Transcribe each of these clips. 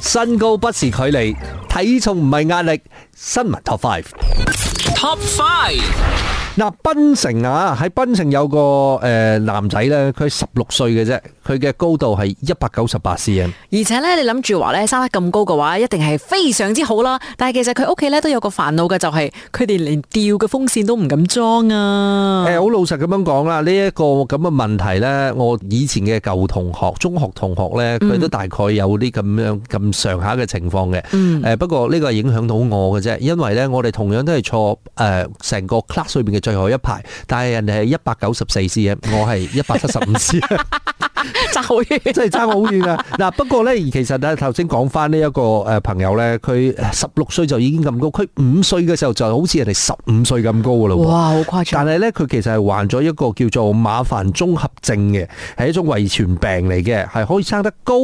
身高不是距離，體重唔係壓力。新聞 Top Five，Top Five。嗱，檳城啊，喺檳城有個誒男仔咧，佢十六歲嘅啫。佢嘅高度係一百九十八 cm，而且咧，你諗住話咧，生得咁高嘅話，一定係非常之好啦。但係其實佢屋企咧都有個煩惱嘅，就係佢哋連吊嘅風扇都唔敢裝啊。誒，好老實咁樣講啦，呢一個咁嘅問題咧，我以前嘅舊同學、中學同學咧，佢都大概有啲咁樣咁上下嘅情況嘅。誒，不過呢個係影響到我嘅啫，因為咧我哋同樣都係坐誒成個 class 裏邊嘅最後一排，但係人哋係一百九十四 cm，我係一百七十五 cm。差啊， 真係爭好遠啊！嗱，不過呢，其實咧頭先講翻呢一個誒朋友呢，佢十六歲就已經咁高，佢五歲嘅時候就好似人哋十五歲咁高噶咯。哇，好誇張！但係呢，佢其實係患咗一個叫做馬凡綜合症嘅，係一種遺傳病嚟嘅，係可以生得高，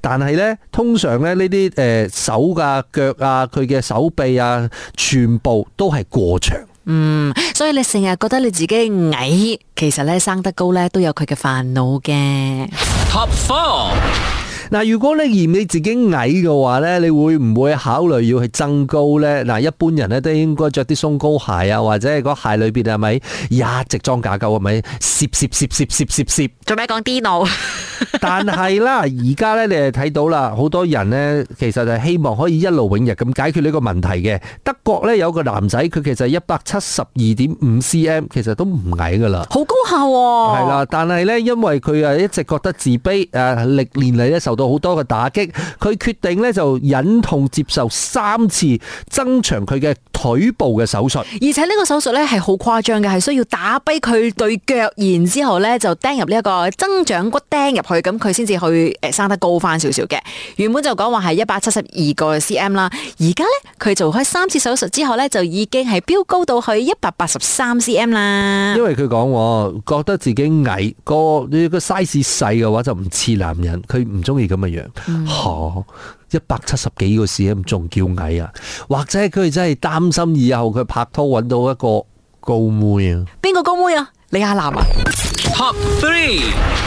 但係呢，通常呢啲、呃、誒手啊、腳啊、佢嘅手臂啊，全部都係過長。嗯，所以你成日覺得你自己矮，其實咧生得高咧都有佢嘅煩惱嘅。Top four。嗱，如果呢嫌你自己矮嘅話咧，你會唔會考慮要去增高咧？嗱，一般人咧都應該着啲鬆高鞋啊，或者係個鞋裏邊係咪一直裝假高係咪，攝攝攝攝攝攝摺，做咩講 Dino。但係啦，而家咧你係睇到啦，好多人咧其實係希望可以一勞永逸咁解決呢個問題嘅。德國咧有個男仔，佢其實一百七十二點五 cm，其實都唔矮噶啦，好高效喎。係啦，但係咧因為佢啊一直覺得自卑，誒歷年嚟，咧到好多嘅打擊，佢決定咧就忍痛接受三次增長佢嘅腿部嘅手術，而且呢個手術咧係好誇張嘅，係需要打跛佢對腳，然之後咧就釘入呢一個增長骨釘入去，咁佢先至去誒生得高翻少少嘅。原本就講話係一百七十二個 cm 啦，而家咧佢做開三次手術之後咧就已經係飆高到去一百八十三 cm 啦。因為佢講覺得自己矮個個 size 細嘅話就唔似男人，佢唔中意。咁嘅樣，吓、哦、一百七十幾個 cm 咁，仲叫矮啊？或者佢真係擔心以後佢拍拖揾到一個高妹啊？邊個高妹啊？李亞男啊？Top three，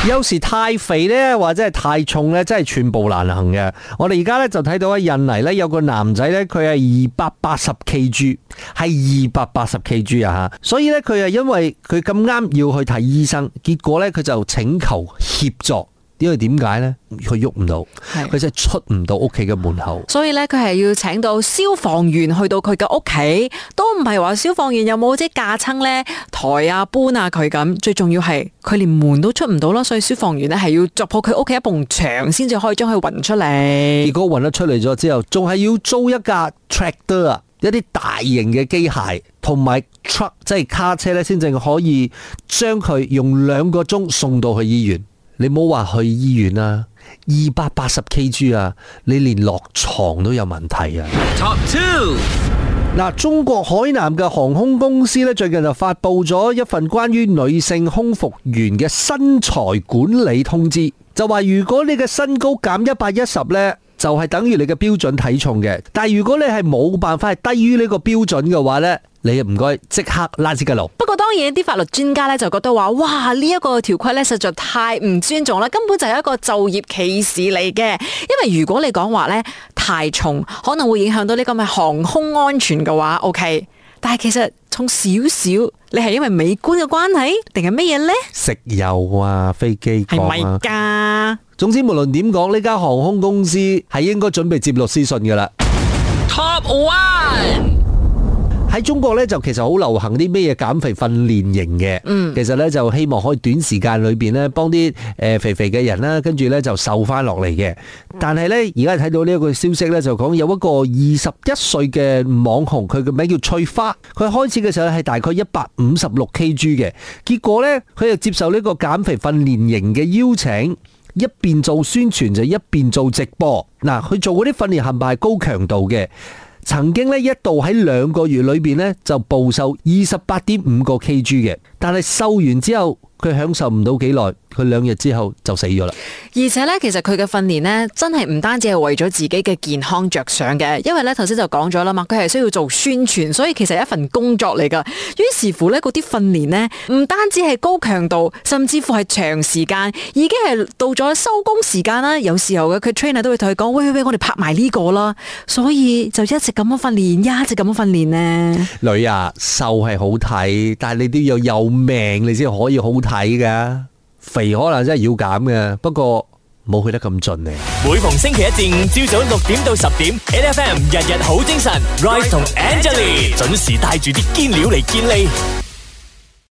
有時太肥呢，或者係太重呢，真係寸步難行嘅。我哋而家呢，就睇到喺印尼呢，有個男仔呢，佢係二百八十 kg，係二百八十 kg 啊吓。所以呢，佢係因為佢咁啱要去睇醫生，結果呢，佢就請求協助。因為點解呢？佢喐唔到，佢真係出唔到屋企嘅門口。所以呢，佢係要請到消防員去到佢嘅屋企，都唔係話消防員有冇即架撐呢？抬啊、搬啊佢咁。最重要係佢連門都出唔到啦，所以消防員呢，係要鑿破佢屋企一埲牆先至可以將佢運出嚟。結果運得出嚟咗之後，仲係要租一架 tractor 啊，一啲大型嘅機械同埋 truck，即係卡車呢，先至可以將佢用兩個鐘送到去醫院。你冇話去醫院啊？二百八十 K G 啊，你連落床都有問題啊。Top two，嗱，中國海南嘅航空公司呢，最近就發佈咗一份關於女性空服員嘅身材管理通知，就話如果你嘅身高減一百一十呢。就係、是、等於你嘅標準體重嘅，但係如果你係冇辦法係低於呢個標準嘅話呢，你唔該即刻拉起架路。不過當然啲法律專家呢就覺得話，哇呢一、這個條規呢實在太唔尊重啦，根本就係一個就業歧視嚟嘅。因為如果你講話呢太重，可能會影響到呢個咪航空安全嘅話，OK。但係其實重少少，你係因為美觀嘅關係定係咩嘢呢？食油啊，飛機係咪總之，無論點講，呢間航空公司係應該準備接律師信噶啦。Top One 喺中國咧，就其實好流行啲咩嘢減肥訓練營嘅。嗯，其實咧就希望可以短時間裏邊咧幫啲誒肥肥嘅人啦，跟住咧就瘦翻落嚟嘅。但係咧而家睇到呢一個消息咧，就講有一個二十一歲嘅網紅，佢嘅名叫翠花。佢開始嘅時候係大概一百五十六 KG 嘅，結果咧佢就接受呢個減肥訓練營嘅邀請。一邊做宣傳就一邊做直播，嗱，佢做嗰啲訓練係唔係高強度嘅？曾經咧一度喺兩個月裏邊咧就暴瘦二十八點五個 kg 嘅，但係瘦完之後佢享受唔到幾耐。佢兩日之後就死咗啦。而且咧，其實佢嘅訓練呢，真係唔單止係為咗自己嘅健康着想嘅，因為咧頭先就講咗啦嘛，佢係需要做宣傳，所以其實係一份工作嚟噶。於是乎咧，嗰啲訓練呢，唔單止係高強度，甚至乎係長時間，已經係到咗收工時間啦。有時候嘅佢 trainer 都會同佢講：喂喂喂，我哋拍埋呢個啦。所以就一直咁樣訓練，一直咁樣訓練呢。女啊，瘦係好睇，但係你都要有,有命，你先可以好睇噶。肥可能真係要減嘅，不過冇去得咁盡咧。每逢星期一至五朝早六點到十點，NFM 日日好精神，Rice 同 Angeline 準時帶住啲堅料嚟健利。